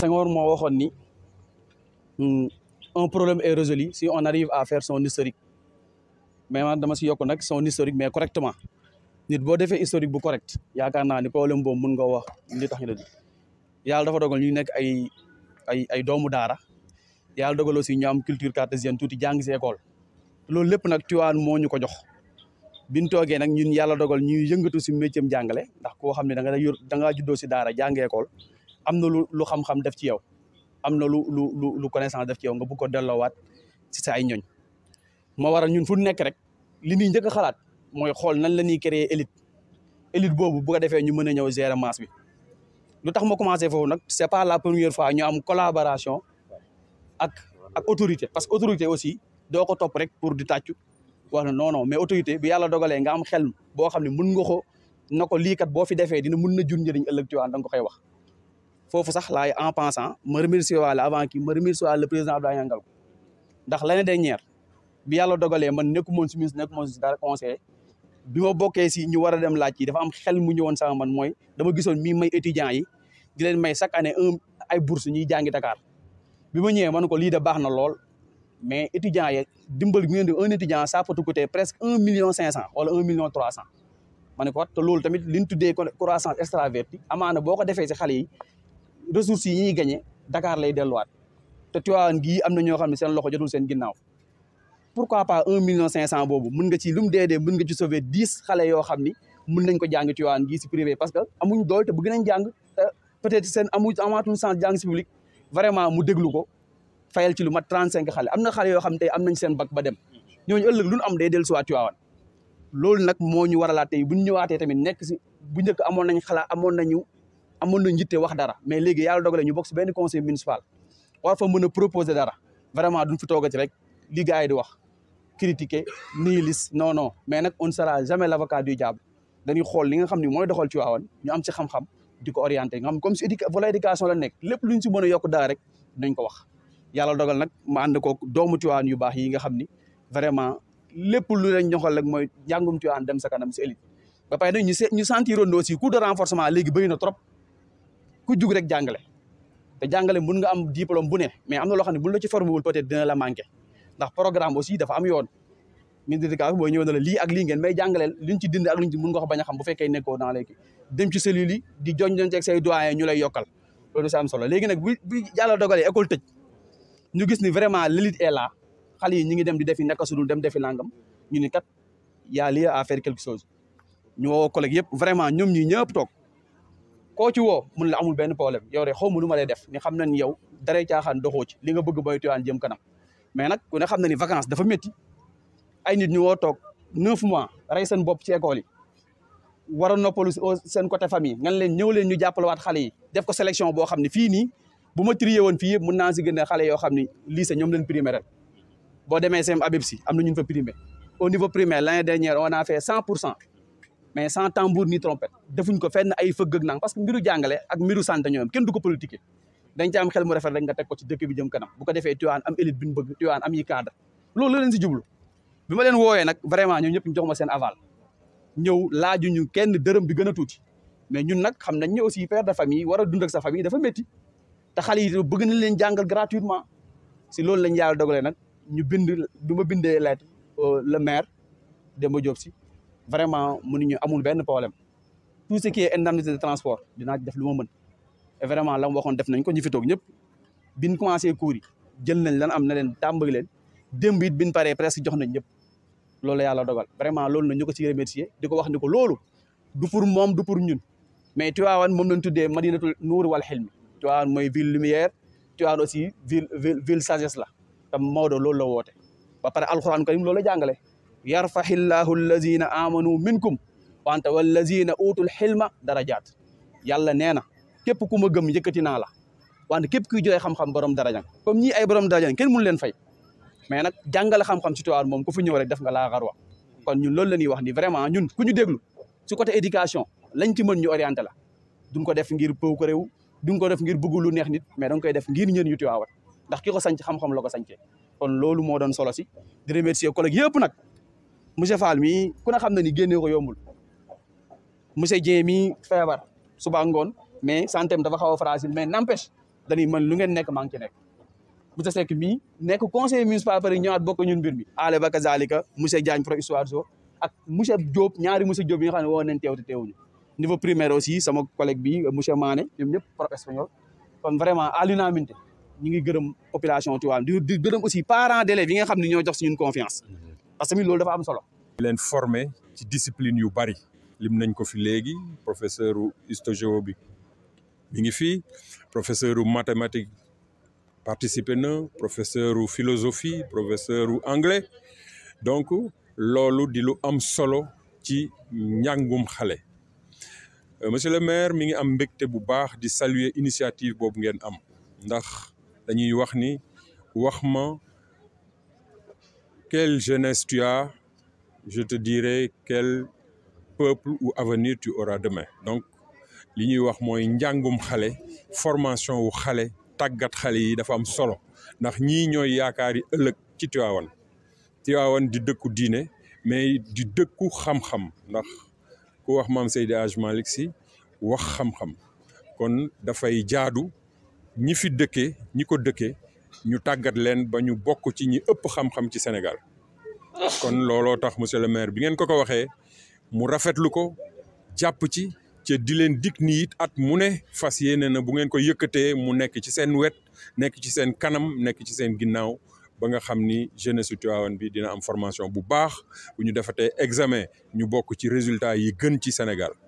Senghor moo waxoon ni hmm, un problème est résolu si on arrive à faire son historique mais man dama si yokk nag son mais correctement nit boo defee historique bu correct yaakaar naa ni la boobu mun nga wax li tax ñu la yàlla dafa dogal ñu nekk ay ay ay doomu daara yàlla dogal aussi ñu am culture cartésienne tuuti jàng si école loolu lép nag Tivaouane moo ñu ko jox bi ñu toogee nag ñun yàlla dogal ñuy yëngatu si métier jàngale ndax koo xam ne da nga yor da ngaa si daara jàng école am na lu lu xam def ci yow am na lu lu lu lu connaissance def ci yow nga bëgg ko delloowaat ci sa ay ñoñ moo waral ñun fu nekk rek li ñuy njëkk xalaat mooy xool nan la ñuy créer élite élite boobu bu ko defee ñu mën a ñëw gérer masse bi lu tax ma commencé foofu nag c'est pas la première fois ñu am collaboration ak ak autorité parce que autorité aussi doo ko topp rek pour di tàccu wala noono non mais autorité bi yàlla dogalee nga am xel boo xam ne mun nga ko na ko boo fi defee dina mën na jur njëriñ ëllëg waan da nga ko koy wax foofu sax laay en pensant ma remercier waale avant kii ma remercier waale le président Abdoulaye Ngalgou ndax l'année dernière bi yàlla dogalee man nekku moon si ministre nekku moon si dara conseil bi ma bokkee si ñu war a dem laaj yi dafa am xel mu ñëwoon sama man mooy dama gisoon mii may étudiants yi di leen may chaque année un ay bourse ñuy jàngi Dakar bi ma ñëwee man ko lii de baax na lool mais étudiants yi dimbal gi ngeen di un étudiant ça peut coûter presque un million cinq cent wala un million trois cent ma loolu tamit li ñu tuddee croissance extravertie amaana boo ko defee si xale yi ressources yi ñuy gañe Dakar lay delluwaat te Tivaouane gii am na ñoo xam ne seen loxo jotul seen ginnaaw pourquoi pas un million cinq cent boobu mën nga ci lu mu dee dee mën nga ci sauver dix xale yoo xam ni mën nañ ko jàng Tivaouane gii si privé parce que amuñ doole te bëgg nañ jàng te peut-être seen amuñ amaatuñ sens jàng si public vraiment mu déglu ko fayal ci lu mat trente cinq xale am na xale yoo xam ne te am nañ seen bac ba dem ñooñu ëllëg lu ñu am day dellusiwaat Tivaouane loolu nag moo ñu waralaat tey bu ñu ñëwaatee tamit nekk si bu njëkk amoon nañ xalaat amoon nañu amoon na njitte wax dara mais léegi yàlla dogale ñu bokk si benn conseil municipal war fa mën a proposer dara vraiment duñ fi toogati rek li gars yi di wax critiquer nihiliste non no mais nag on sera jamais l' avocat du diable dañuy xool li nga xam ni mooy doxal ci waawan ñu am si xam-xam di ko orienté nga comme si édu volet éducation la nekk lépp lu si mën a yokk dara rek dañ ko wax yàlla dogal nag ma ànd doomu Tiwaawan yu baax yi nga xam ni vraiment lépp lu leen ñoxal rek mooy njàngum Tiwaawan dem sa kanam si élite ba pare nag ñu ñu sentiroon aussi coup de renforcement léegi bëri na trop ku jug rek jàngale te jàngale mun nga am diplôme bu ne mais am na loo xam ne buñ la ci formé wul peut-être dina la manqué ndax programme aussi dafa am yoon ministre de l'éducation na la lii ak lii ngeen may jàngaleel liñ ci dind ak liñ ci a xam bu fekkee nekkoo dans les dem ci di joñjoñ ñu lay yokkal loolu sa solo léegi nag bu bu yàlla dogalee école tëj ñu gis ni vraiment l'élite est là yi ñu ngi dem di defi naka sudul dem defi langam ñu ni kat y a affaire à faire quelque chose ñu woo collègue yëpp vraiment ñoom ñi ñëpp toog koo ci woo mun la amul benn problème yow de xaw ma lu ma def ni xam li nga bëgg mooy Tivaouane jëm kanam mais nag ku ne xam na ni vacances dafa métti ay nit ñu woo toog neuf mois rey seen bopp ci école yi war a noppalu seen côté famille ngan leen ñëw leen ñu jàppalewaat xale yi def ko sélection boo xam ne fii nii bu ma trié woon fii yëpp mun naa si gën xale yoo xam ne lycée ñoom leen primé rek boo demee seen a si am na ñun fa primé au niveau primaire l'année dernière on a fait cent pour cent mais sans tambour ni trompette defuñ ko fenn ay fëgg ak nang parce que mbiru jàngale ak mbiru santé ñoom kenn du ko politiquer dañ am xel mu rafet rek nga teg ko ci dëkk bi jëm kanam bu ko defee Tivaouane am élite bi bëgg Tivaouane am yi cadre loolu la leen si jublu bi ma leen wooyee nag vraiment ñoom ñëpp ñu jox ma seen aval ñëw laaju ñu kenn dërëm bi gën a tuuti mais ñun nag xam nañ ne aussi père de famille war a ak sa famille dafa métti te xale yi bëgg nañ leen jàngal gratuitement si loolu lañ yàlla dogalee nag ñu bind du ma bindee lettre euh, le maire Demba Diop si vraiment mun mënuñu amul benn problème tout ce qui est indemnité de transport dinaa def lu ma mën et vraiment la mu waxoon def nañ ko ñu fi toog ñëpp biñ commencé cours yi jël nañ lan am na leen tàmbali leen démb it biñ pare presque jox nañ ñëpp loolu la yàlla dogal vraiment loolu na ñu ko ci remercier di ko wax ni ko loolu du pour moom du pour ñun mais Tivaouane moom lañ tuddee madinatul nuur wal xilmi Tivaouane mooy ville lumière Tivaouane aussi ville ville sagesse la te loolu la woote ba pare alxuraan karim loolu la yarfaxillaahu allazina amanu minkum wante wallazina utul xilma darajaat yàlla nee na képp ku ma gëm yëkkati naa la wante képp kuy joxe xam-xam borom darajan comme ñii ay borom darajan kenn mënu leen fay mais nag jàngale xam-xam ci tuwaar moom ko fi ñëw rek def nga laa xarwa kon ñun loolu la ñuy wax ni vraiment ñun ku ñu déglu su côté éducation lañ ci mën ñu orienté la duñ ko def ngir pëw ko réew duñ ko def ngir bëgg lu neex nit mais dañ koy def ngir ñën ñu tuwaawat ndax ki ko sanc xam-xam la ko sancee kon loolu moo doon solo si di remercier collègue yëpp nag monsieur faal mi ku xam na ni génnee ko yombul monsieur Dieng mii feebar suba ngoon mais santé am dafa xaw a fragile mais n'empêche dañuy man lu ngeen nekk maa ngi ci nekk monsieur Seck mii nekk conseiller municipal pare ñëwaat bokk ñun mbir mi ale ba kazalika monsieur Diagne pro histoire so ak monsieur Diop ñaari monsieur Diop yi xam ne woo nañ teew te teewuñu niveau primaire aussi sama collègue bi monsieur Mané ñoom ñëpp prof espagnol kon vraiment à l'unanimité ñu ngi gërëm population Tivaouane di di gërëm aussi parents d'élèves yi nga xam ne ñoo jox suñu confiance parce que loolu dafa am solo. leen former ci discipline yu bari lim nañ ko fi léegi professeur histogéo bi mi ngi fi professeur mathématique participer na professeur philosophie professeur anglais donc loolu di lu am solo ci njàngum xale. Euh, monsieur le maire mi ngi am mbégte bu baax di saluer initiative boobu ngeen am ndax dañuy wax ni wax ma. quelle jeunesse tu as, dire te dirai quel peuple ou avenir tu auras demain. Donc, li ñuy wax mooy njàngum xale formation wu xale tàggat xale yi dafa am solo ndax ñi ñooy yaakaar yi ëllëg ci Tivaouane Tivaouane di dëkku diine mais di dëkku xam-xam ndax ku wax maam Seydi Hadj Malick Sy wax xam-xam kon dafay jaadu ñi fi dëkkee ñi ko dëkkee ñu tàggat leen ba ñu bokk ci ñi ëpp xam-xam ci Sénégal kon looloo tax monsieur le maire bi ngeen ko ko waxee mu rafetlu ko jàpp ci ca di leen dig ni it at mu ne fas yéene na bu ngeen ko yëkkatee mu nekk ci seen wet nekk ci seen kanam nekk ci seen ginnaaw ba nga xam ni jeunesse Tivaouane bi dina am formation bu baax bu ñu defatee examen ñu bokk ci résultat yi gën ci Sénégal